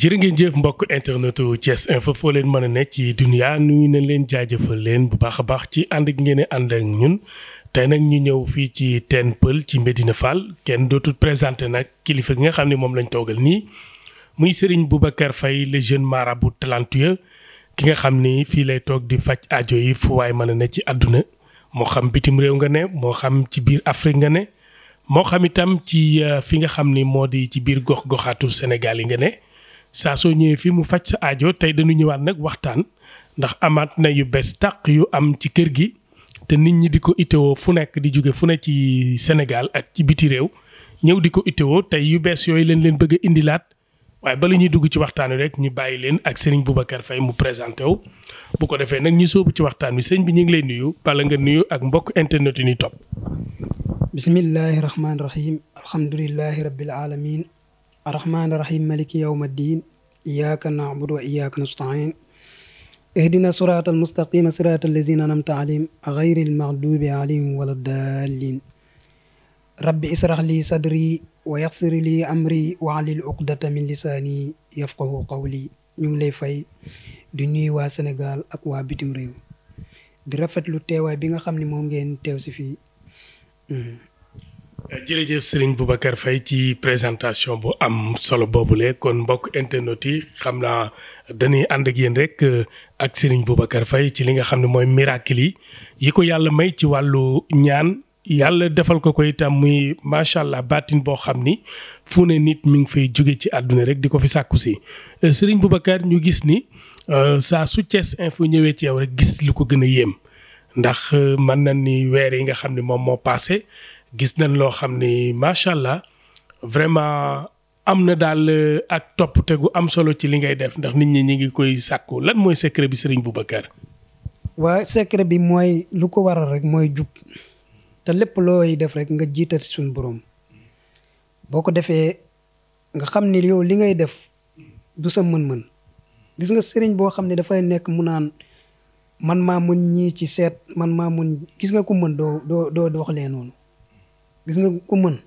jërë ngeen jëf mbokk internetu Thiès Info foo leen mën a ne ci dunia nuyu nañ leen jaajëfal leen bu baax a baax ci ànd ak ngeen ànd ak ñun te nag ñu ñëw fii ci Tène Pël ci Médina Fall kenn dootul présenté nag kilifa gi nga xam ne moom lañ toogal nii muy Serigne Boubacar Faye le jeune marabout talentueux ki nga xam ni fii lay toog di faj ajo yi fu waay mën a ne ci àdduna moo xam bitim réew nga ne moo xam ci biir Afrique nga ne moo xam itam ci euh, fi nga xam ni moo di ci biir gox goxaatu Sénégal yi nga ne. saa soo ñëwee fii mu faj sa ajo tey dañu ñëwaat nag waxtaan ndax amaat na yu bees tàq yu am ci kër gi te nit ñi di ko itewoo fu nekk di jóge fu nekk ci Sénégal ak ci biti réew ñëw di ko itewoo tey yu bees yooyu leen leen bëgg a indilaat waaye bala ñuy dugg ci waxtaan wi rek ñu bàyyi leen ak Serigne Boubacar Faye mu présenté wu bu ko defee nag ñu sóobu ci waxtaan wi sëñ bi ñu ngi lay nuyu bala nga nuyu ak mbokk internet yi ñuy topp bismillahi rahmaani rahim alhamdulillahi rabbil alamin arrahmaani rahim maliki yawma diin إياك نعبد وإياك نستعين اهدنا صراط المستقيم صراط الذين أنعمت عليهم غير المغضوب عليهم ولا الضالين رب اشرح لي صدري ويسر لي أمري واحلل عقدة من لساني يفقه قولي ñu ngi lay fay di nuyu waa Sénégal ak waa bitim réew di rafetlu teewaay bi nga xam ne moom ngeen teew si fii jërëjëf Serigne Boubacar fay ci présentation bu am solo boobule kon mbokk internet yi xam naa dañuy ànd ak yéen rek euh, ak Serigne Boubacar Faye ci li nga xam ne mooy miracle yi yi ko yàlla may ci wàllu ñaan yàlla defal ko ko itam muy macha allah baatin boo xam ni fu ne nit mi ngi fay jóge ci àdduna rek di ko fi sàkku si euh, Serigne Boubacar ñu gis ni euh, saa su Thiès info ñëwee ci yow rek gis lu ko gën a yéem ndax mën na ni weer yi nga xam ne moom moo paase. gis nañ loo xam ni macha allah vraiment am na daal euh, ak toppate gu am solo ci li ngay def ndax nit ñi ñu ngi koy sàkku lan mooy secret bi sëriñ bu ba Boubacar. waa secret bi mooy lu ko waral rek mooy jub te lépp looy def rek nga jiital suñu borom boo ko defee nga xam ni yow li ngay def du sa mën-mën gis nga sëriñ boo xam ne dafay nekk mu naan man maa mën ñii ci seet man maa mun gis nga ku mën doo doo doo wax lee noonu. gis nga ku mën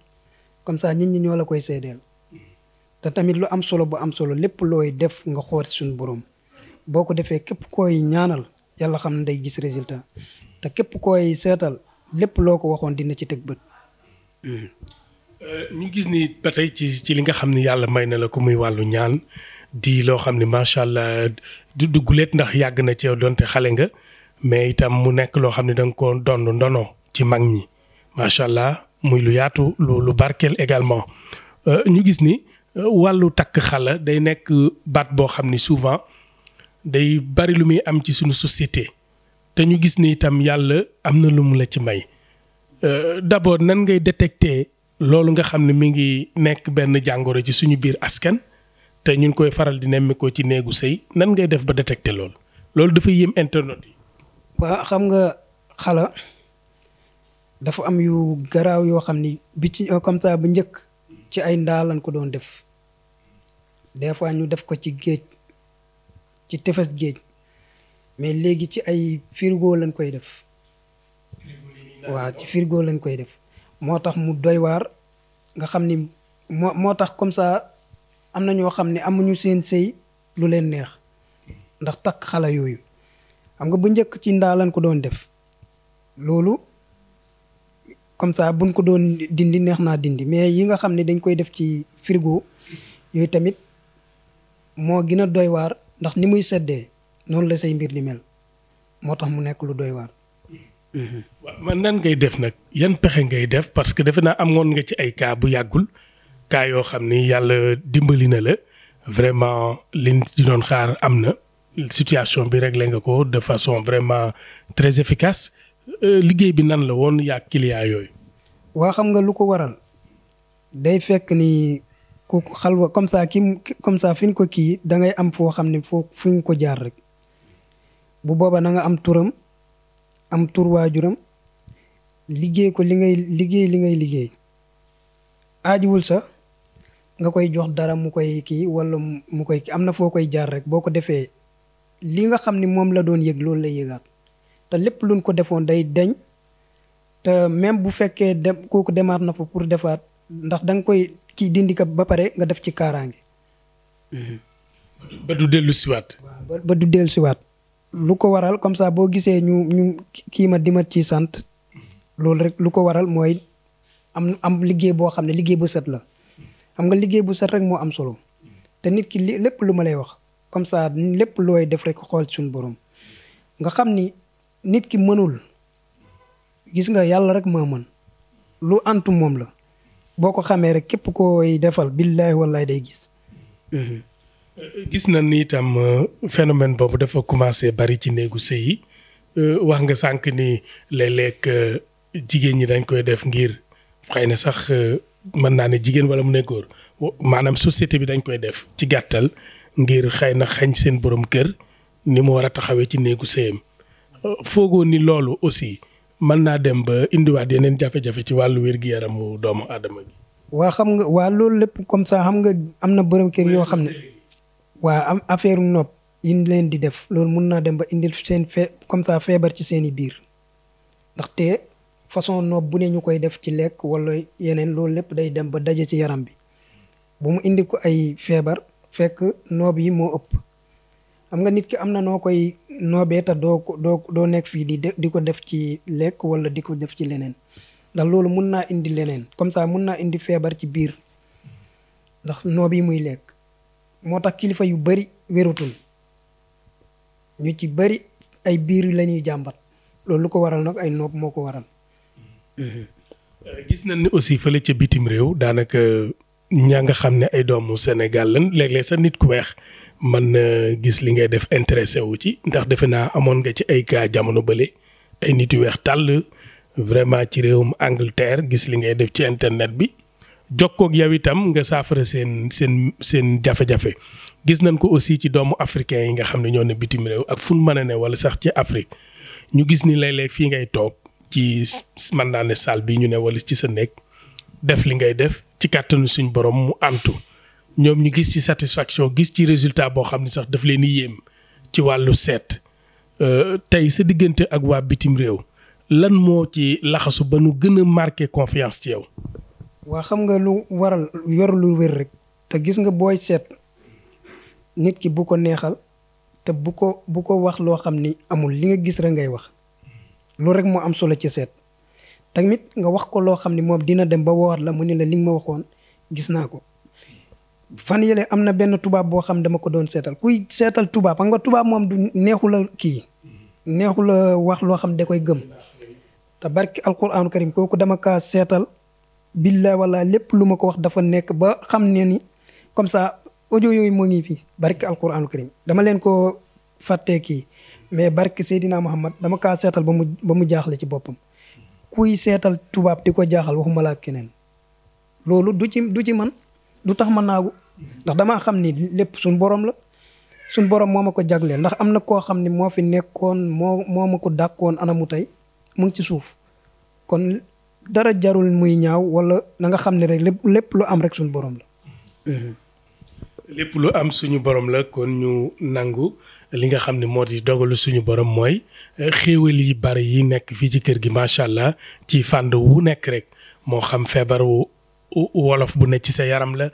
comme nit ñi ñoo koy seedeel te tamit lu am solo bu am solo lépp looy def nga xool suñu borom boo ko defee képp koy ñaanal yàlla xam ne day gis résultat te képp koy seetal lépp loo ko waxoon dina ci teg bët. Hmm. Euh, ñu gis ni ba tey ci ci li nga xam ne yàlla may na la ko muy wàllu ñaan di loo xam ne macha allah du dugguleet ndax yàgg na ci donte xale nga mais itam mu nekk loo xam ne danga nga ko donn ndono ci mag ñi macha allah muy lu yaatu lu lu barkeel également euh, ñu gis ni euh, wàllu takk xala day nekk baat boo xam ni souvent day bari lu muy am ci suñu société te ñu gis ni itam yàlla am na lu mu la ci may euh, d'abord nan ngay détecter loolu nga xam ne mi ngi nekk benn jàngooro ci suñu biir askan te ñu ngi koy faral di nemmi ci néegu sëy nan ngay def ba détecter loolu loolu dafay yéem internet yi. waaw xam nga xala. dafa am yu garaaw yoo xam ni bi ci comme ça bu njëkk ci ay ndaal ko doon def des fois ñu def ko ci géej ci tefes géej mais léegi ci ay firgo lañ koy def waaw ci firgo lañ koy def moo tax mu doy waar nga xam ni moo moo tax comme ça am na ñoo xam ne amuñu seen sëy lu leen neex ndax takk xale yooyu xam nga bu njëkk ci ndaa ko doon def loolu comme ça buñ ko doon dindi neex naa dindi mais yi nga xam ne dañ koy def ci frigo yooyu tamit moo gën a doy waar ndax ni muy seddee noonu la say mbir di mel moo tax mu nekk lu doy waar. Mhm. waaw man nan ngay def nag yan pexe ngay def parce que defe naa amoon nga ci ay kaa bu yàggul cas yoo xam ni yàlla dimbali na la vraiment liñ di doon xaar am na situation bi rek réglé nga ko de façon vraiment très efficace Euh, liggéey bi nan la woon yaa client yooyu. waa xam nga lu ko waral day fekk ni ku xalwa comme ça ki comme ça fi ñu ko kii da ngay am foo xam ne foo fi ñu ko jaar bu booba na nga am turam am tur waajuram liggéey ko li ngay liggéey li ngay liggéey aajiwul sax nga koy jox dara mu koy kii wala mu koy am na foo koy jaar rek boo ko defee li nga xam ni moom la doon yëg loolu lay yëgaat. te lépp lu luñ ko defoon day deñ te même bu fekkee dem kooku demaat na fa pour defaat ndax da nga koy kii dindi ko ba pare nga def ci kaaraange. ba du dellu siwaat. lu ko waral comme ça boo gisee ñu ñu kii ma di ma ci sant loolu rek lu ko waral mooy am am liggéey boo xam ne liggéey bu set la xam nga liggéey bu set rek moo am solo te nit ki lépp lu ma lay wax comme sa lépp looy def rek xool suñu borom nga xam ni nit ki mënul gis nga yàlla rek maa mën lu antu moom la boo ko xamee rek képp koy defal billaahi wallaahi day gis. Mhm. gis na ni itam euh, phénomène boobu dafa commencé bari ci néegu sëy yi euh, wax nga sànq ni léeg-léeg euh, jigéen ñi dañ koy def ngir xëy na sax man naa ne jigéen wala mu ne góor maanaam société bi dañ koy def ci gàttal ngir xëy na xañ seen borom kër ni mu war a taxawee ci néegu sëyam foogoo ni loolu aussi mën naa dem ba indiwaat yeneen jafe-jafe ci wàllu wér-gu-yaramu doomu aadama bi. waa xam nga waa loolu lépp comme saa xam nga am na bërëm kër yoo xam ne. waa am affaire nopp yi leen di def loolu mun naa dem ba indil seen fee comme ça feebar ci seen i biir ndaxte façon nopp bu ne ñu koy def ci lekk wala yeneen loolu lépp day dem ba daje ci yaram bi bu mu indi ko ay feebar fekk noob yi moo ëpp. xam nga nit ki am na noo koy noobee te doo ko doo doo nekk fii di di ko def ci lekk wala di ko def ci leneen ndax loolu mun naa indi leneen comme ça mun naa indi feebar ci biir ndax noob yi muy lekk moo tax kilifa yu bëri wérutul ñu ci bëri ay biir la ñuy jàmbat loolu lu ko waral nag ay noob moo ko waral. Euh, gis na ni aussi fële ci bitim réew daanaka ñaa nga xam ne ay doomu Sénégal lan léeg-léeg sax nit ku weex. man na gis li ngay def intéressé wu ci ndax defe naa amoon nga ci ay cas jamono bële ay nit yu weex tàll vraiment ci réewum Angleterre gis li ngay def ci internet bi jokkoog yow itam nga saafara seen seen seen jafe-jafe gis nan ko aussi ci doomu africain yi nga xam ne ñoo ne bitim réew ak fu mu mën a ne wala sax ci Afrique ñu gis ni léeg-léeg fii ngay toog ci mën naa ne salle bi ñu ne wala ci sa néeg def li ngay def ci kàttanu suñ borom mu antu ñoom ñu gis ci satisfaction gis ci résultat boo xam ne sax dafa leen di yéem ci wàllu seet euh, tey sa diggante ak waa bitim réew lan moo ci laxasu ba nu gën a marqué confiance ci yow. waa xam nga lu waral yor lu wér rek te gis nga booy seet nit ki bu ko neexal te bu ko bu ko wax loo xam ni amul li nga gis rek ngay wax loolu rek moo am solo ci seet tamit nga wax ko loo xam ni moom dina dem ba woowaat la mu ni la li nga ma waxoon gis naa ko. fan yële am na benn tubaab boo xam dama ko doon seetal kuy seetal tubaab xam nga tubaab moom du neexu la kii neexu la wax loo xam da koy gëm te barki alquraanu karim kooku dama kaa seetal billaa wala lépp lu ma ko wax dafa nekk ba xam ne ni comme ça audio yooyu moo ngi fii barki alquraanu karim dama leen ko fàttee kii mais barki Seydina Muhammad dama kaa seetal ba mu ba mu jaaxle ci boppam kuy seetal tubaab di ko jaaxal waxuma laa keneen loolu du ci du ci man du tax ma naagu ndax damaa xam ni lépp suñ boroom la suñ borom moom ma ko jagleel ndax am na koo xam ni moo fi nekkoon moo moom a ko dàkkoon anamu tey mu ci suuf kon dara jarul muy ñaaw wala na nga xam ne rek lépp lépp lu am rek suñu borom la. Mhm. lépp lu am suñu borom la kon ñu nangu li nga xam ne moo di dogalu suñu borom mooy eh, xéewal yi bari yi nekk fii ci kër gi macha allah ci fànn wu nekk rek moo xam feebar wu wolof bu ne ci sa yaram la.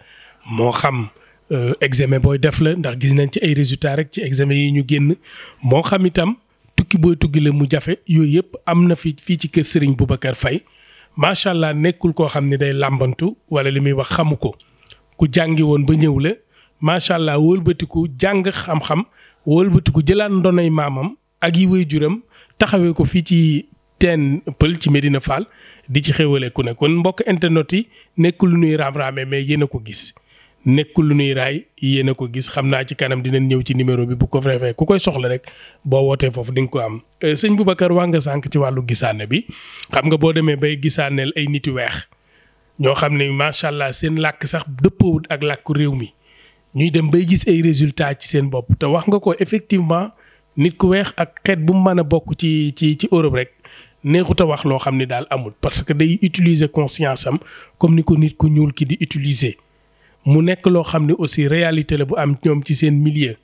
moo xam euh, examen booy def la ndax gis nañ ci ay résultats rek ci examen yi ñu génn moo xam itam tukki booy tukki la mu jafe yooyu yëpp am na fi fii ci kër Serigne Boubacar fay macha allah nekkul koo xam ne day làmbantu wala li muy wax xamu ko ku jàngi woon ba ñëw la macha allah wëlbatiku jàng xam-xam wëlbatiku jëlaat ndonay maamam ak yi waajuram taxawee ko fii ci teen pël ci Medina Fall di ci xéwale ku ne kon mbokk internet yi nekkul lu nuy raam-raame mais yéen a ko gis. nekkul lu nuy raay yéen a ko gis xam naa ci kanam dinañ ñëw ci numéro bi bu ko feefee ku koy soxla rek boo wootee foofu di nga ko am. Euh, sëñ Boubacar waa nga sànq ci wàllu gisaane bi xam nga boo demee bay gisaaneel ay nit yu weex ñoo xam ne macha allah seen làkk sax dëppoowut ak làkku réew mi ñuy dem bay gis ay résultats ci seen bopp te wax nga ko effectivement nit ku weex ak xet bu mu mën a bokk ci ci ci Europe rek. neexut a wax loo xam ne daal amul parce que day utiliser conscience am comme ni ko nit ku ñuul ki di utiliser mu nekk loo xam ne aussi réalité la bu am ñoom ci seen milieu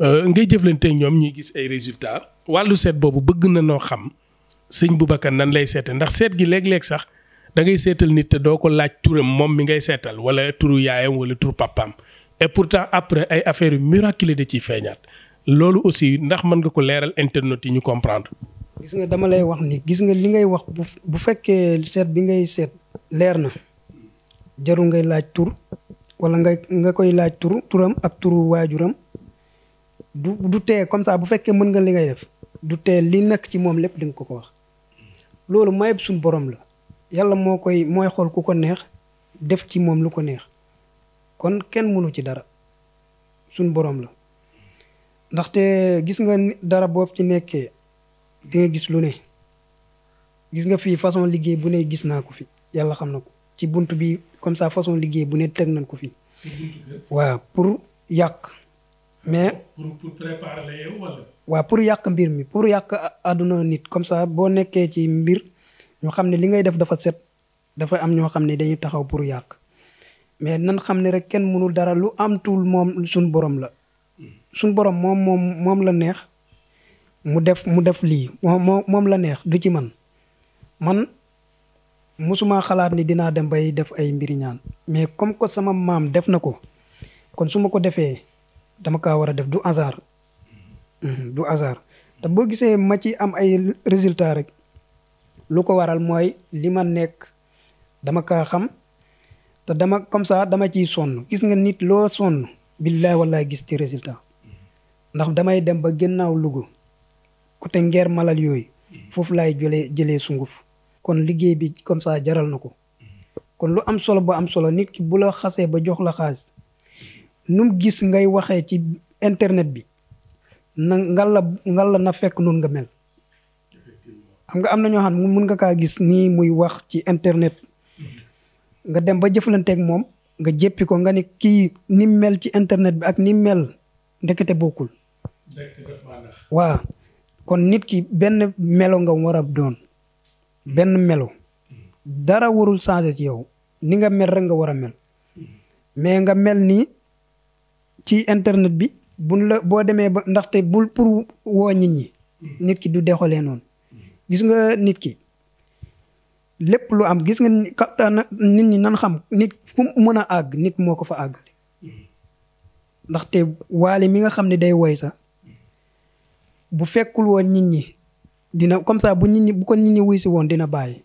euh, ngay jëflante ñoom ñuy gis ay résultat wàllu seet boobu bëgg na noo xam sëñ bu Boubacar nan lay seete ndax seet gi léeg-léeg sax dangay ngay seetal nit te doo ko laaj turam moom mi ngay seetal wala turu yaayam wala turu papaam et pourtant après ay affaires yu miraculé da ciy feeñaat loolu aussi ndax mën nga ko leeral internet yi ñu comprendre. gis nga dama lay wax ni gis nga li ngay wax bu bu fekkee seet bi ngay seet leer na jarul ngay laaj tur wala nga nga koy laaj turu turam ak turu waajuram du du tee comme ça bu fekkee mën nga li ngay def du tee li nekk ci moom lépp di ko ko wax loolu mayeb suñ borom la yàlla moo koy mooy xool ku ko neex def ci moom lu ko neex kon kenn mënu ci dara suñ borom la ndaxte gis nga dara boobu ci nekkee di gis lu ne gis nga fii façon liggéey bu ne gis naa ko fi yàlla xam na ko ci bunt bi comme ça façon liggéey bu ne teg nañ ko fi. waaw pour yàq. mais pour pour waaw pour yàq mbir mi pour yàq àdduna nit comme sa boo nekkee ci mbir ñu xam ne li ngay def dafa set dafay am ñoo xam ne dañuy taxaw pour yàq mais nan xam ne rek kenn mënul dara lu am tul moom suñ borom la. suñ borom moom moom moom la neex mu def mu def lii moom moom la neex du ci man man musuma xalaat ni dinaa dem bay def ay mbiri ñaan mais comme ko sama maam def na ko kon su ma ko defee dama kaa war a def du hasard mhm, du hasard te boo gisee ma ci am ay résultat rek lu ko waral mooy li ma nekk dama kaa xam te dama comme ça dama ciy sonn gis nga nit loo sonn billaay wallaay gis ci résultat ndax damay dem ba gannaaw Louga côté ngeer malal yooyu foofu laay jële jëlee sunguf kon liggéey bi comme saa jaral na ko kon lu am solo ba am solo nit ki bu la xasee ba jox la xaalis nu mu gis ngay waxee ci internet bi na ngal la na fekk noonu nga mel xam am na ñoo xam ne mun nga kaa gis nii muy wax ci internet nga dem ba jëflanteek moom nga jéppi ko nga ni kii ni mel ci internet bi ak ni mel ndekete bokkul. waa kon nit ki benn melo nga war a doon. benn melo dara warul changé ci yow ni nga mel rek nga war a mel mais nga mel nii ci internet bi buñ la boo demee ba ndaxte bul pour woo nit ñi nit ki du dexalee noonu gis nga nit ki lépp lu am gis nga kaptaan nit ñi nan xam nit fu mën a àgg nit moo ko fa àggale ndaxte waale mi nga xam ne day woy sax bu fekkul woon nit ñi dina comme ça bu nit ñi bu ko nit ñi wuy si woon dina bàyyi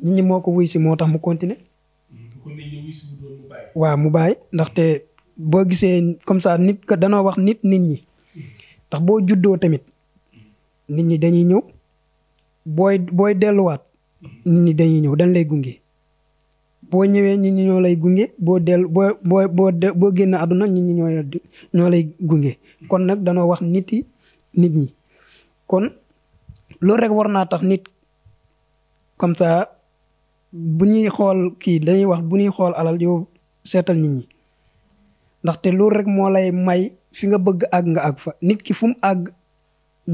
nit ñi moo ko wuy si moo tax mu continuer mm, waaw mu bàyyi ndaxte boo gisee comme ça nit que danoo wax nit nit ñi mm. ndax boo juddoo tamit nit ñi dañuy ñëw booy booy delluwaat mm. ñi dañuy ñëw dañ lay gunge boo ñëwee nit ñi ñoo lay gunge boo dellu boo boo boo boo génn àdduna nit ñi ñoo lay gunge kon nag danoo wax nit yi nit ñi kon loolu rek war naa tax nit comme sa bu ñuy xool kii dañuy wax bu ñuy xool alal yow seetal nit ñi ndaxte loolu rek moo lay may fi nga bëgg àgg nga àgg fa nit ki fu mu àgg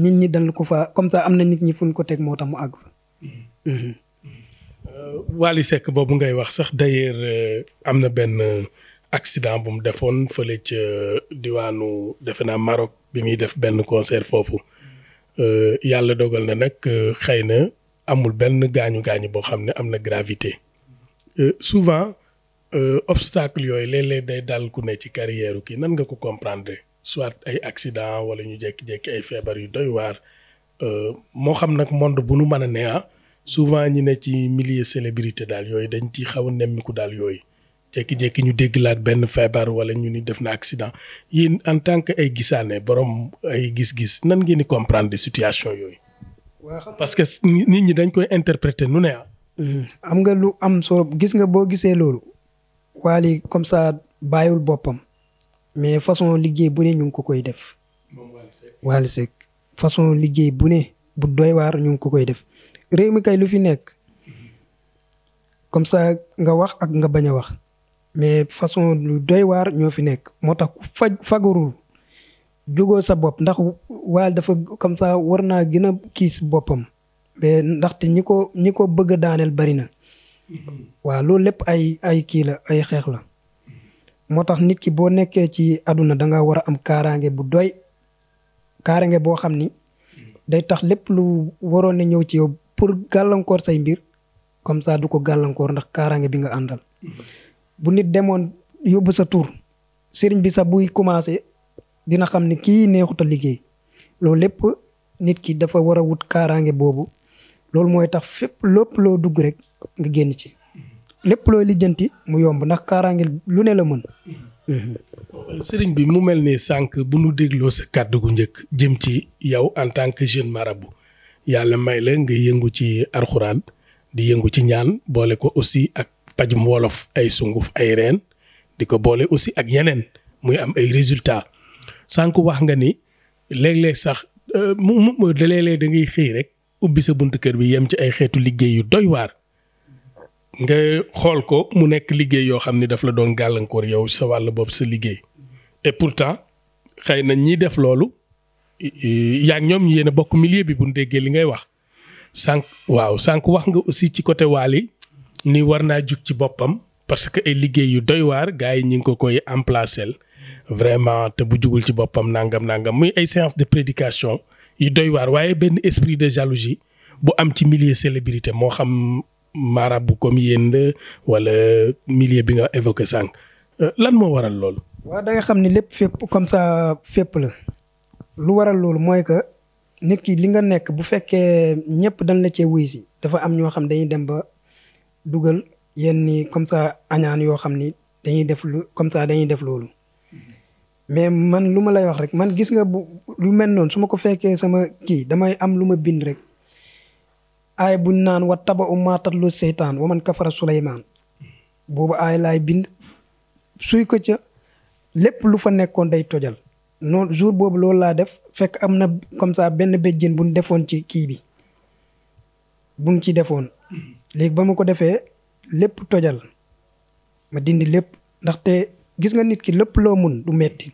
nit ñi dal ko fa comme ça am na nit ñi fu ko teg moo tax mu àgg fa. Mm-hmm. Mm-hmm. Euh, Wally Seck boobu ngay wax sax d'ailleurs euh, am na benn euh, accident bu mu defoon fële ca diwaanu defe naa Maroc bi muy def benn concert foofu. Euh, yàlla dogal na nag euh, xëy na amul benn gaañu gaañu boo xam ne am na gravité euh, souvent obstacle yooyu léeg-léeg day dal ku ne ci carrière kii nan nga ko comprendre soit ay accident wala ñu jékki-jékki ay feebar yu doy waar moo xam nag monde bu lu mën a ne ah, souvent ñi ne ci millier célébrité daal yooyu dañ ci xaw a nemmiku daal yooyu. jékki-jékki ñu dégg laat benn feebar wala ñu ni def na accident yéen en tant que ay gisaane borom ay gis-gis nan ngeen di comprendre des situations yooyu. parce que nit ñi dañ koy interpréter nu ne ah. hmm. am nga lu am soo gis nga boo gisee loolu. waali comme ça bàyyiwul boppam mais façon liggéey bu ne ñu ngi ko koy def. waali Seck façon liggéey bu ne bu doy waar ñu ngi ko koy def réew mi kay lu fi nekk comme ça nga wax ak nga bañ a wax. mais façon lu doy waar ñoo fi nekk moo tax ku faj fagarul jógo sa bopp ndax waal dafa comme ça war naa gën a kii kiis boppam mais ndaxte ñi ko ñi ko bëgg a daaneel bari na waa loolu lépp ay ay kii la ay xeex la moo tax nit ki boo nekkee ci àdduna danga war a am kaaraange bu doy kaaraange boo xam ni day tax lépp lu waroon na ñëw ci yow pour gàllankoor say mbir comme ça du ko gàllankoor ndax kaaraange bi nga àndal bu nit demoon yóbbu sa tur sëriñ bi sax buy commencé dina xam ne kii neexut a liggéey loolu lépp nit ki dafa war a wut kaaraange boobu loolu mooy tax fépp lépp loo dugg rek nga génn ci lépp looy lijjanti mu yomb ndax kaaraange lu ne la mën. sëriñ bi mu mel ni sànq bu nu dégloo sa kàddu gu njëkk jëm ci yow en tant que jeune marabu yàlla may la nga yëngu ci arxuraan di yëngu ci ñaan boole ko aussi ak. pajum wolof ay sunguf ay reen di ko boole aussi ak yeneen muy am ay résultat sànq wax nga ni léeg-léeg sax euh, mu mu da léeg-léeg da ngay xëy rek ubbi sa buntu kër bi yem ci ay xeetu liggéey yu doy waar nga xool ko mu nekk liggéey yoo xam ni daf la doon gàllankoor yow sa wàll bopp sa liggéey et pourtant xëy na ñiy def loolu. yaa ngi ñoom yéen bokk milieu bi bu ñu déggee li ngay wax sànq waaw sànq wax nga aussi ci côté Wally ni war naa jug ci boppam parce que ay liggéey yu doy waar gars yi ñu ngi ko koy emplacer vraiment te bu jugul ci boppam nangam nangam muy ay séance de prédication yu doy waar waaye benn esprit de jalousie bu am ci milieu célébrité moo xam marabu bu yéen wala milieu bi nga évoqué sànq euh, lan moo waral loolu. waaw da xam ni lépp fépp comme ça fépp la lu waral loolu mooy que nit ki li nga nekk bu fekkee ñëpp dañ la cee wuy si dafa am ñoo xam dañuy dem ba. dugal yenn nii comme ça añaan yoo xam ni dañuy def lu comme ça dañuy def loolu mais man lu ma lay wax rek man gis nga bu lu mel noonu su ma ko fekkee sama kii damay am lu ma bind rek aay buñ naan wa taba u lu seytaan wa man kafara suleymaan boobu aay laay bind suy ko ca lépp lu fa nekkoon day tojal noonu jour boobu loolu laa def fekk am na comme ça benn béjjén buñ defoon ci kii bi buñ ci defoon léegi ba ma ko defee lépp tojal ma dindi lépp ndaxte gis nga nit ki lépp loo mun du metti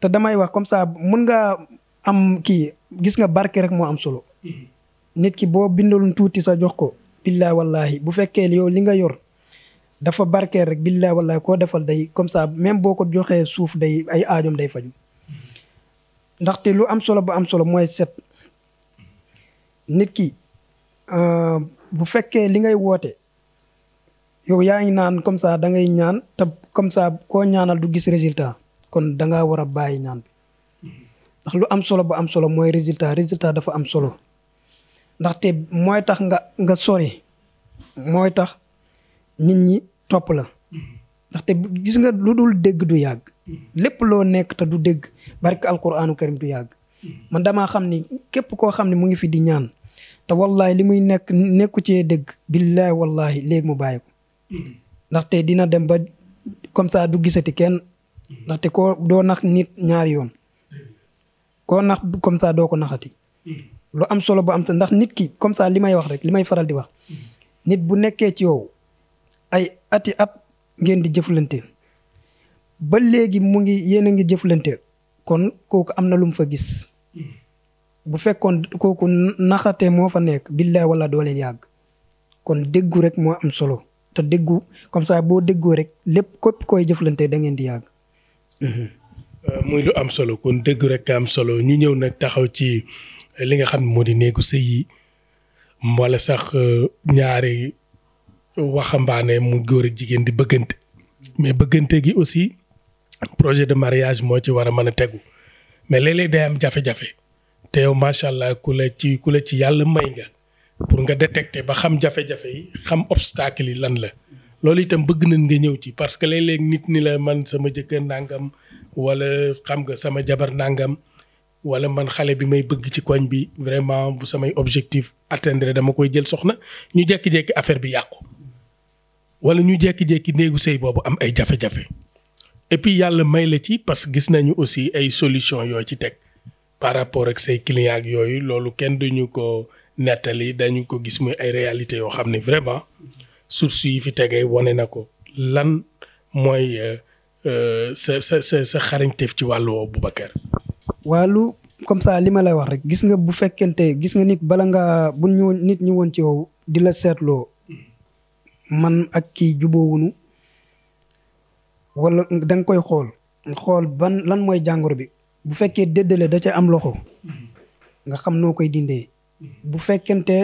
te damay wax comme saabu mun nga am kii gis nga barke rek moo am solo nit ki boo bindalum tuuti sa jox ko billaa wallaahi bu fekkee yow li nga yor dafa barkeel rek billaa wallaahi koo defal day comme ça même boo ko joxee suuf day ay aajom day faju ndaxte lu am solo ba am solo mooy set nit ki Euh, bu fekkee li ngay woote yow yaa ngi naan comme saa da ngay ñaan te comme ça koo ñaanal du gis résiltat kon da war a bàyyi ñaan bi ndax lu am solo bu am solo mooy résiltat résultat dafa am solo ndaxte mooy tax nga nga sori mooy tax nit ñi topp la ndaxte gis nga lu dul dégg du yàgg lépp loo nekk te du dégg barke alquraanu karim du yàgg man damaa xam ni képp koo xam ne mu ngi fi di ñaan te wallahi li muy nekk nekku cee dëgg billahi wallahi léegi mu bàyyi ko ndaxte dina dem ba comme ça du gisati kenn ndaxte koo doo nax nit ñaari yoon koo nax comme ça doo ko naxati lu am solo bu am ndax nit ki comme ça li may wax rek li may faral di wax nit bu nekkee ci yow ay ati at ngeen di jëflante ba léegi mu ngi yéen a ngi jëflante kon kooku am na lu mu fa gis bu fekkoon kooku naxate moo fa nekk billaay wala doo leen yàgg kon déggu rek moo am solo te déggu comme ça boo déggoo rek lépp képp koy jëflante da ngeen di yàgg. Mhm. Euh, muy lu am solo kon déggu rek am solo ñu ñëw nag taxaw ci li nga xam ne moo di néegu sëy yi wala sax euh, ñaari waxambaane mu góor ak jigéen di bëggante mais bëggante gi aussi projet de mariage moo ci war a mën a tegu mais léeg-léeg day am jafe-jafe. te yow macha allah ku la ci ku la ci yàlla may nga pour nga détecter ba xam jafe-jafe yi xam obstacle yi lan la loolu itam bëgg nañ nga ñëw ci parce que léeg-léeg nit ni la man sama jëkkër ndàngam wala xam nga sama jabar ndàngam wala man xale bi may bëgg ci koñ bi vraiment bu samay objectif atteindre dama koy jël soxna ñu jékki-jékki affaire bi yàqu wala ñu jékki-jékki néegu sëy boobu am ay jafe-jafe et yàlla may la ci parce que gis nañu aussi ay solution yoo ci teg par rapport ak say clients ak yooyu loolu kenn du ñu ko nettali dañu ko gis muy ay réalités yoo xam ne vraiment source yi fi tegee wane na ko lan mooy euh, euh, sa sa sa sa xarañteef ci wàllu woowu Boubacar. wàllu comme ça li ma lay wax rek gis nga bu fekkente gis nga nit bala nga bu ñu nit ñi woon ci yow di la seetloo man ak kii juboowunu wala danga koy xool xool ban lan mooy jàngoro bi bu fekkee déddale da ca am loxo nga xam noo koy dindee bu fekkente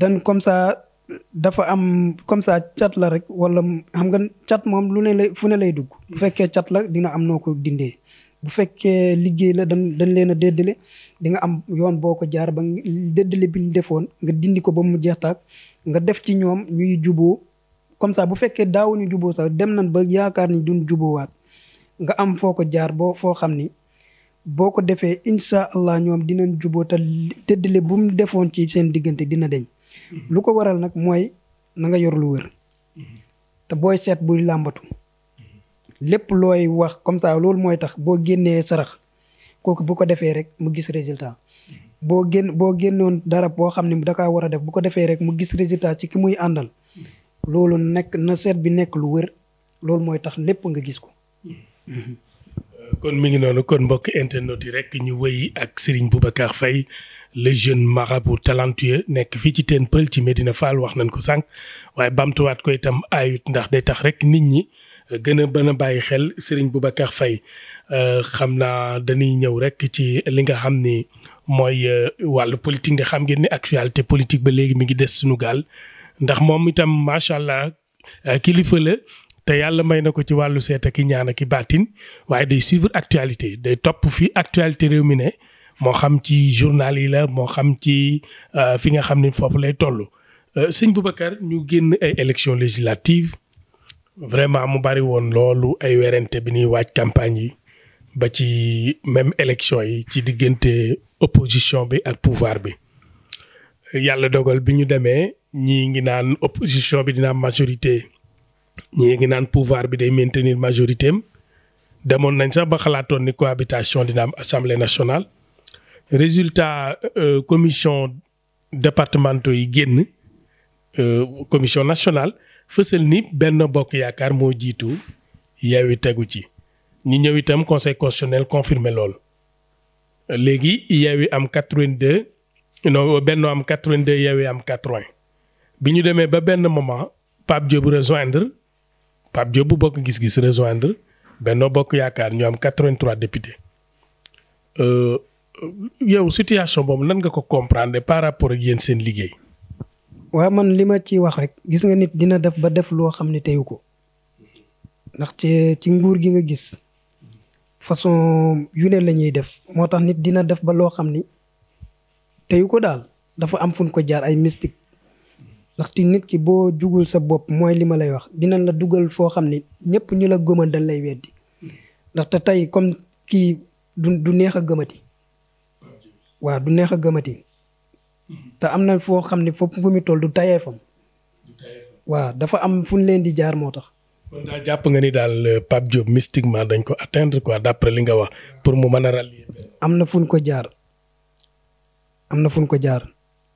dan comme ça dafa am comme ça cat la rek wala xam nga cat moom lu ne lay fu ne lay dugg bu fekkee cat la dina am noo ko dindee bu fekkee liggéey la dañ dañ leen a déddale di am yoon boo ko jaar ba déddale bi ñu defoon nga dindi ko ba mu jeex taag nga def ci ñoom ñuy juboo comme ça bu fekkee daawuñu juboo sax dem nañ ba yaakaar ni duñ juboowaat nga am foo ko jaar boo foo xam ni boo ko defee incha allah ñoom dina juboo te le bu mu defoon ci seen diggante dina deñ mm-hmm. lu ko waral nag mooy na nga yor lu wër mm-hmm. te booy seet buy làmbatu mm-hmm. lépp looy wax comme ça loolu mooy tax boo génnee sarax kooku bu ko defee rek mu gis résultat boo génn boo génnoon dara boo xam ne dakaa war a def bu ko defee rek mu gis résultat ci ki muy àndal loolu nekk na seet bi nekk lu wër loolu mooy tax lépp nga gis ko Euh, kon mi ngi noonu kon mbokk internet yi rek ñu wëy ak Serigne Boubacar Faye le jeune marabout talentueux nekk fii ci teen pël ci Medina Fall wax nañ ko sànq waaye bamtuwaat ko itam ayut ndax day tax rek nit ñi euh, gën a bën a bàyyi xel Serigne Boubacar Faye euh, xam naa dañuy ñëw rek ci li nga xam ni mooy wàllu politique nga xam ngeen ni actualité politique ba léegi mi ngi des sunu gaal ndax moom itam macha allah kilifa la. te yàlla may na ko ci wàllu seet ki ñaan ak baatin waaye day suivre actualité day topp fii actualité réew mi ne moo xam ci journal yi la moo xam ci euh, fi nga xam ni foofu lay toll. Euh, sëñ Boubacar ñu génn ay élections législatives vraiment mu bari woon loolu ay werante bi ñuy waaj campagne yi ba ci même élection yi ci diggante opposition bi ak pouvoir bi yàlla dogal bi ñu demee ñii ngi naan opposition bi dina am majorité. ñii ngi naan pouvoir bi day maintenir majorité demoon nañ sax ba xalaatoon ni cohabitation dina am assemblée nationale résultat euh, commission départementaux yi génn euh, commission national fësal ni benn bokk yaakaar moo jiitu yeewi tegu ci ñu ñëw itam conseil constitutionnel confirmé lool léegi yeewi am 82 non benn am 82 yeewi am 80 bi ñu demee ba benn moment Pape Diop rejoindre Pape Diop bu bokk gis-gis rejoindre benn Bokk Yaakaar ñu am 83 députés euh, yow situation boobu nan nga ko comprendre par rapport ak yéen seen liggéey. waaw man li ma ci wax rek gis nga nit dina def ba def loo xam ne teyu ko ndax ci ci nguur gi nga gis façon yu ne la ñuy def moo tax nit dina def ba loo xam ni teyu ko daal dafa am fu ko jaar ay mystique. ndaxte nit ki boo jugul sa bopp mooy li ma lay wax dinañ la dugal foo xam ne ñëpp ñu la gëman dañ lay weddi ndaxte tey comme kii du du neex a gëmati waa du neex a gëmati te am na foo xam ne foofu fu mu toll du tayee fa fam waaw dafa am fu ñu leen di jaar moo tax. kon daal jàpp nga ni daal euh, Pape Diop mystiquement dañ ko atteindre quoi d'après li nga wax pour mu mën a rallier. am na fu ñu ko jaar am na fu ñu ko jaar.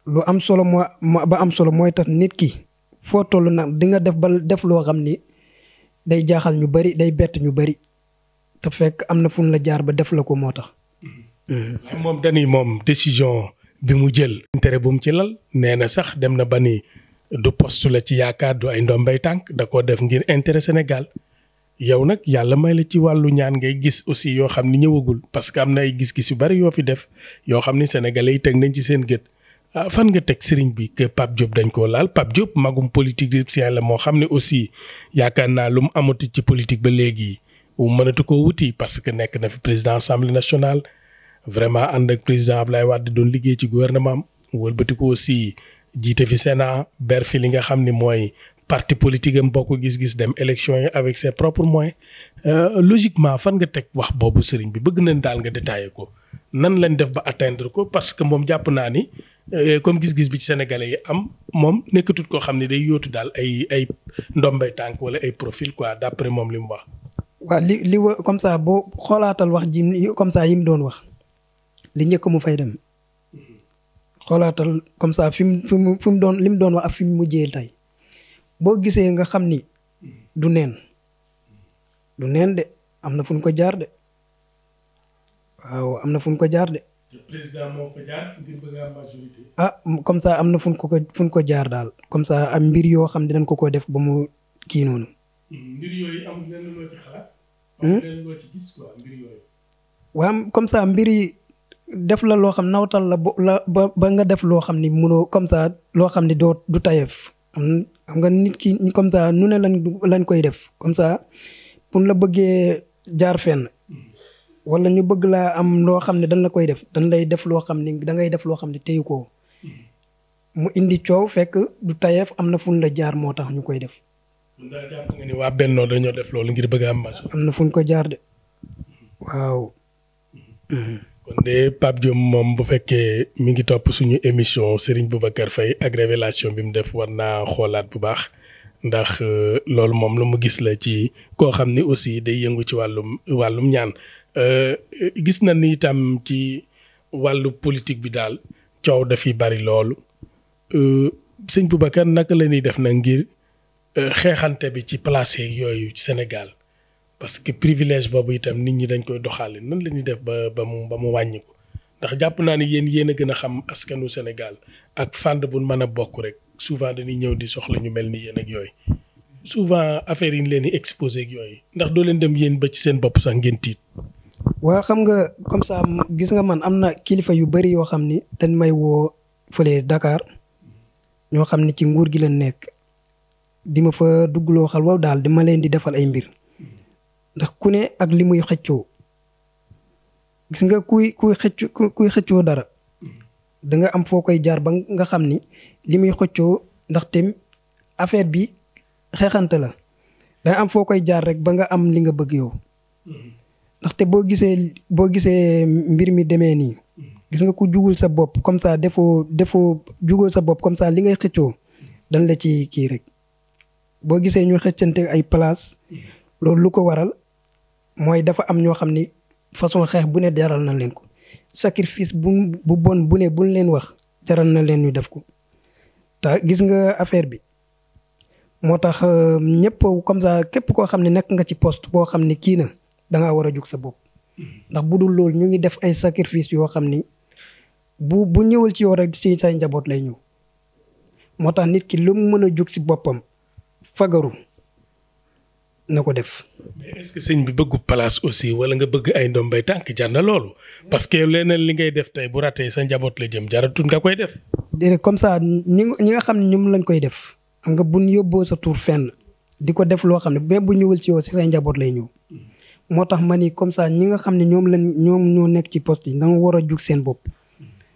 lu am solo moo ba am solo mooy tax nit ki foo toll nag di nga def ba def loo xam ni day jaaxal ñu bari day bett ñu bari te fekk am na fu la jaar ba def la ko moo tax. Mm-hmm. moom dañuy moom décision bi mu jël. intérêt bu mu ci lal nee na sax dem na ba ni du post la ci yaakaar du ay ndombay tànk da koo def ngir intérêt Sénégal yow nag yàlla may la ci wàllu ñaan ngay gis aussi yoo xam ni ñëwagul parce que am na ay gis-gis yu bari yoo fi def yoo xam ni sénégalais yi teg nañ ci seen gët. Euh, fan nga teg sëriñ bi que Pape Diop dañ koo laal Pape Diop magum politique yëpp si yàlla moo xam ne aussi yaakaar naa lu mu amatu ci politique ba léegi mënatu koo wuti parce que nekk na fi président assemblée nationale vraiment ànd ak président Ablaye Wade doon liggéey ci gouvernement am wëlbati ko aussi jiite fi Sénat ber fi li nga xam ni mooy parti politique am bokk gis-gis dem élection yi avec ses propres moyens euh, logiquement fan nga teg wax boobu sëriñ bi bëgg nañ daal nga détaillé ko nan lañ def ba atteindre ko parce que moom jàpp naa ni. Euh, comme gis-gis bi ci sénégalais yi am moom nekkatut koo xam ne day yootu daal ay ay ndombay tànk wala ay profil quoi d'après moom li mu wax. waaw li li wa comme ça boo xoolaatal wax ji comme ça yi mu doon wax li njëkk mu fay dem xoolaatal comme saa fim mu doon li doon wax ak fi mu mujjee tey boo gisee nga xam ni du neen du neen de am na fu ko jaar de waaw am na fu ko jaar de. ah comme ça am na fu ko fu ko jaar daal comme ça am mbir yoo xam dinañ ko ko def ba mu kii noonu. Hmm, mbir hmm? comme ça mbir yi def la loo xam nawtal la la ba nga def loo xam ni mënoo comme ça loo xam ni doo du tayef am nga nit ki comme sa nu ne lañ lañ koy def comme ça pour la bëggee jaar fenn. wala ñu bëgg laa am loo xam ne dañ la koy def dañ lay def loo xam ne da ngay def loo xam ne téyu ko mu indi coow fekk du tayeef am na fuñ la jaar moo tax ñu koy def. mun naa jàpp nga dañoo def ngir bëgg am macha am na fuñ ko jaar de waaw. Mhm. kon de Pape Diop moom bu fekkee mu ngi topp suñu émission Serigne Boubacar Faye ak révélation bi mu def war naa xoolaat bu baax. ndax euh, loolu moom lu mu gis la ci koo xam ni aussi day yëngu ci wàllum wàllum ñaan Euh, euh, gis na ni itam ci wàllu politique bi daal coow dafiy bari loolu euh, sëñ Boubacar naka la ñuy def na ngir xeexante bi ci place yooyu ci Sénégal parce que privilège boobu itam nit ñi dañ koy doxaale nan la ñuy def ba ba mu ba mu wàññi ko ndax jàpp naa ne yéen yéen a gën a xam askanu Sénégal ak fànn bu mën a bokk rek souvent dañuy ñëw di soxla ñu mel ni yéen ak yooyu souvent affaire yi ñu leen di exposé ak yooyu ndax doo leen dem yéen ba ci seen bopp sax ngeen tiit. waaw xam nga comme ça gis nga man am na kilifa yu bari yoo xam ni dañ may woo fële dakaar ñoo xam ne ci nguur gi la nekk di ma fa duggloo xal waaw daal di ma leen di defal ay mbir ndax ku ne ak li muy xëccoo gis nga kuy kuy xëcc kuy xëccoo dara danga am foo koy jaar ba nga xam ni li muy xëccoo ndaxte affaire bi xeexante la danga am foo koy jaar rek ba nga am li nga bëgg yow. ndaxte boo gisee boo gisee mbir mi demee nii gis nga ko jugul sa bopp comme ça defoo defoo jugul sa bopp comme ça li ngay xëccoo dañ la ci kii rek boo gisee ñu xëccante ay place loolu lu ko waral mooy dafa am ñoo xam ni façon xeex bu ne jaral na leen ko sacrifice bu bu bon bu ne buñ leen wax jaral na leen ñu def ko te gis nga affaire bi moo tax euh, ñëpp comme sa képp koo xam ne nekk nga ci post boo xam ne kii na da war a jóg sa bopp. ndax bu dul loolu ñu ngi def ay sacrifice yoo xam ni bu bu ñëwul ci yow rek si say njaboot lay ñëw moo tax nit ki lu mu mën a jóg si boppam fagaru na ko def. mais est-ce que sëñ bi bëggu place aussi wala nga bëgg ay ndombay tànk jar na loolu parce que leneen li ngay def tey bu ratee sa njaboot la jëm jaratul nga koy def. déedéet comme ça ñi ñi nga xam ne ñoom lañ koy def. a nga bu buñ yóbboo sa tur fenn di ko def loo xam ne même bu ñëwul ci yow si say njaboot lay ñëw. moo tax ma ni comme ça ñi nga xam ne ñoom lañ ñoom ñoo nekk ci post yi da nga war a jug seen bopp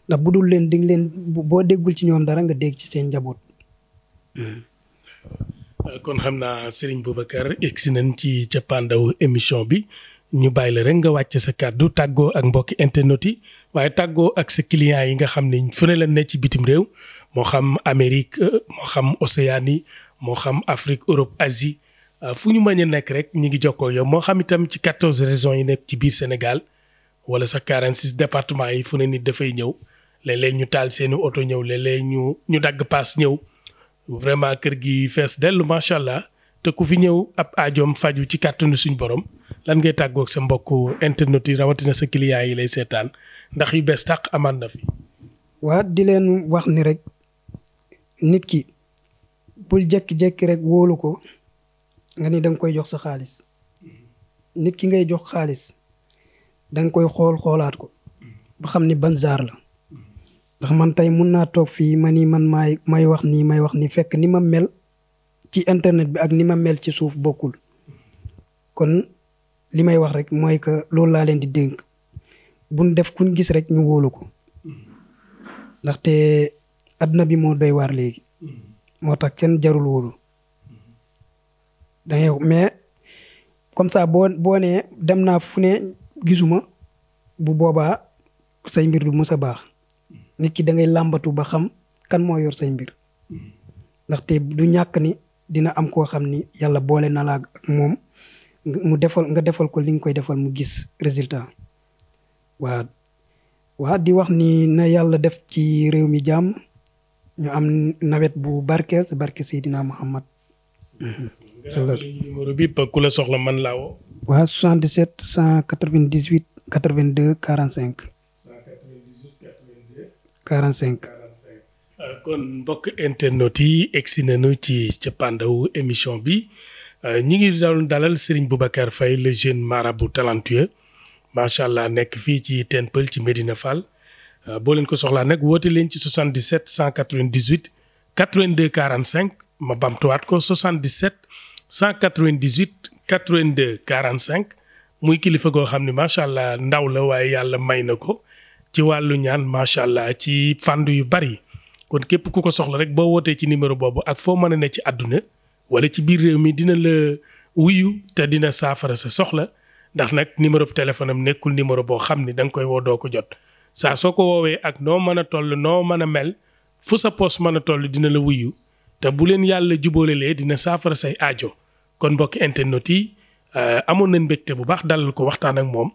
ndax bu dul leen di leen boo déggul ci ñoom dara nga dégg ci seen njaboot. Hmm. kon xam naa Serigne Boubacar egsi nañ ci cappaandaw émission bi ñu bàyyi la rek nga wàcc sa kàddu tàggoo ak mbokki internet yi waaye tàggoo ak sa clients yi nga xam ne fu ne leen ne ci bitim réew moo xam Amérique moo xam Océanie moo xam Afrique Europe asi Euh, fu ñu mën a nekk rek ñu ngi jokkoo yow moo xam itam ci quatorze régions yi nekk ci biir Sénégal wala sa quarante six département yi fu ne nit dafay ñëw léeg-léeg ñu taal seeni oto ñëw léeg-léeg ñu ñu dagg paas ñëw vraiment kër gi fees dellu macha allah te ku fi ñëw ab ajoom faju ci kàttanu suñu borom lan ngay tàggook sa mbokk internet yi rawatina sa client yi lay seetaan ndax yu bees tàq amaat na fi. waa di leen wax ni rek nit ki bul jékki-jékki rek wóolu ko. nga ni danga koy jox sa xaalis nit ki ngay jox xaalis danga koy xool xoolaat ko ba xam ni ban genre la ndax man tey mun naa toog fii ma nii man maay may wax nii may wax nii fekk ni ma mel ci internet bi ak ni ma mel ci suuf bokkul kon li may wax rek mooy que loolu laa leen di dénk buñ def kuñ gis rek ñu wóolu ko ndaxte adduna bi moo doy waar léegi moo tax kenn jarul wóolu da mais comme ça boo boo nee dem naa fu ne gisuma bu boobaa say mbir du mës a baax nit ki da ngay làmbatu ba xam kan moo yor say mbir ndaxte du ñàkk ni dina am koo xam ni yàlla boole na la moom mu defal nga defal ko li nga koy defal mu gis résultat waa waa di wax ni na yàlla def ci réew mi jàmm ñu am nawet bu barke barke Seydina Muhammad Mmh. numéro bi ku la soxla man laa woo. waaw 77 198 82 45. 198 82. 45. kon mbokk internet yi na nañu ci cappaandawu émission bi euh, ñu ngi doon dalal Serigne Boubacar Faye le jeune marabout talentueux macha allah nekk fii ci Tenpel ci Medina Fall euh, boo leen ko soxlaa nag woote leen ci 77 198 82 45. ma bamtuwaat ko 77 198 82 45 muy kilifa goo xam ne macha allah ndaw la waaye yàlla may na ko ci wàllu ñaan macha allah ci fànn yu bari kon képp ku ko soxla rek boo wootee ci numéro boobu ak foo mën a ne ci àdduna wala ci biir réew mi dina la wuyu te dina saafara sa soxla ndax nag numéro téléphone am nekkul numéro boo xam ni da nga koy woo doo ko jot saa soo ko woowee ak noo mën a toll noo mën a mel fu sa poos mën a toll dina la wuyu te bu leen yàlla lee dina saafara say aajo kon mbokki internet yi euh, amoon nañ mbégte bu baax dalal ko waxtaan ak moom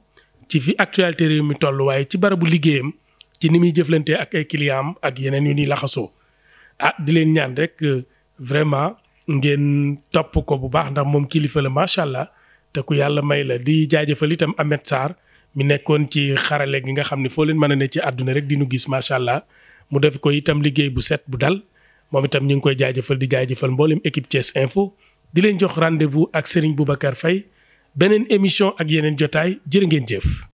ci fi actualité réew mi toll waaye ci barabu liggéeyam ci ni muy jëflantee ak ay client am ak yeneen yu ni laxasoo ah di leen ñaan rek euh, vraiment ngeen topp ko bu baax ndax moom kilifa la macha allah te ku yàlla may la di jaajëfal itam Ahmed Sarr mi nekkoon ci xarale gi nga xam ne foo leen mën a ne ci àdduna rek di nu gis macha allah mu def ko itam liggéey bu set bu dal. moom itam ñu ngi koy jaajëfal di jëfal mboolem équipe Thiès Info di leen jox rendez-vous ak Serigne Boubacar Faye beneen émission ak yeneen jotaay jërë ngeen jëf.